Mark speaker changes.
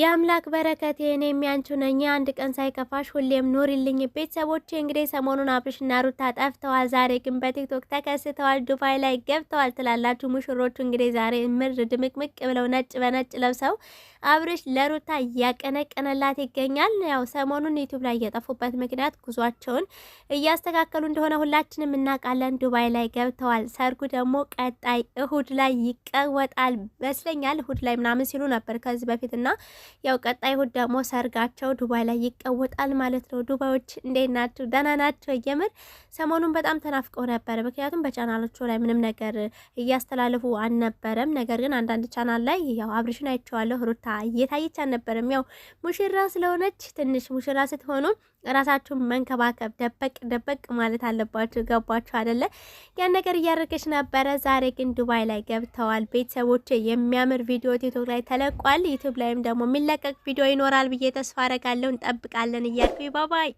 Speaker 1: የአምላክ በረከት የኔ የሚያንቹ ነኝ። አንድ ቀን ሳይከፋሽ ሁሌም ኑሪልኝ። ቤተሰቦቼ እንግዲህ ሰሞኑን አብርሽና ሩታ ጠፍተዋል፣ ዛሬ ግን በቲክቶክ ተከስተዋል፣ ዱባይ ላይ ገብተዋል ትላላችሁ። ሙሽሮቹ እንግዲህ ዛሬ ምር ድምቅምቅ ብለው ነጭ በነጭ ለብሰው አብርሽ ለሩታ እያቀነቀነላት ይገኛል። ያው ሰሞኑን ዩቱብ ላይ እየጠፉበት ምክንያት ጉዟቸውን እያስተካከሉ እንደሆነ ሁላችንም እናውቃለን። ዱባይ ላይ ገብተዋል። ሰርጉ ደግሞ ቀጣይ እሁድ ላይ ይቀወጣል መስለኛል። እሁድ ላይ ምናምን ሲሉ ነበር ከዚህ በፊትና ያው ቀጣይ እሑድ ደግሞ ሰርጋቸው ዱባይ ላይ ይቀወጣል ማለት ነው። ዱባዮች እንዴት ናቸው? ደህና ናቸው? የምር ሰሞኑን በጣም ተናፍቀው ነበረ። ምክንያቱም በቻናሎቹ ላይ ምንም ነገር እያስተላለፉ አልነበረም። ነገር ግን አንዳንድ ቻናል ላይ ያው አብርሽን አይቼዋለሁ። ሩታ እየታየች አልነበረም። ያው ሙሽራ ስለሆነች ትንሽ ሙሽራ ስትሆኑ ራሳችሁን መንከባከብ ደበቅ ደበቅ ማለት አለባችሁ። ገባችሁ አይደለ? ያን ነገር እያደረገች ነበረ። ዛሬ ግን ዱባይ ላይ ገብተዋል ቤተሰቦች። የሚያምር ቪዲዮ ቲክቶክ ላይ ተለቋል። ዩቲዩብ ላይም ደግሞ የሚለቀቅ ቪዲዮ ይኖራል ብዬ ተስፋ አረጋለሁ። እንጠብቃለን እያልኩ ባባይ